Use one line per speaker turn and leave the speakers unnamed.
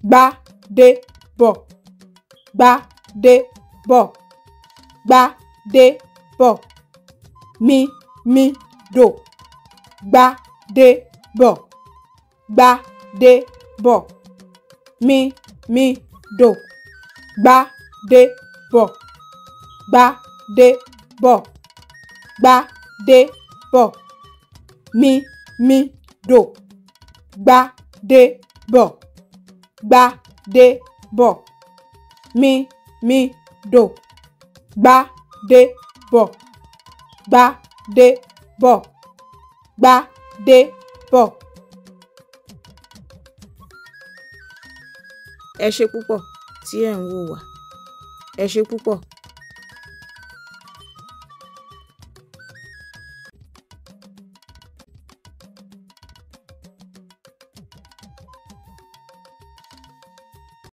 de de de de de de mi mi mi mi do. do. Gbádébọ̀ de Gbádébọ̀ mímídò de Gbádébọ̀ mi mi do. Gbádébọ̀ de Gbádébọ̀ gba de bọ̀ mi mi do, gba de bọ̀ gba de bọ̀ gba de bọ̀.
ẹ ṣé púpọ̀ tí ẹ̀ ń wò wá ẹ ṣé púpọ̀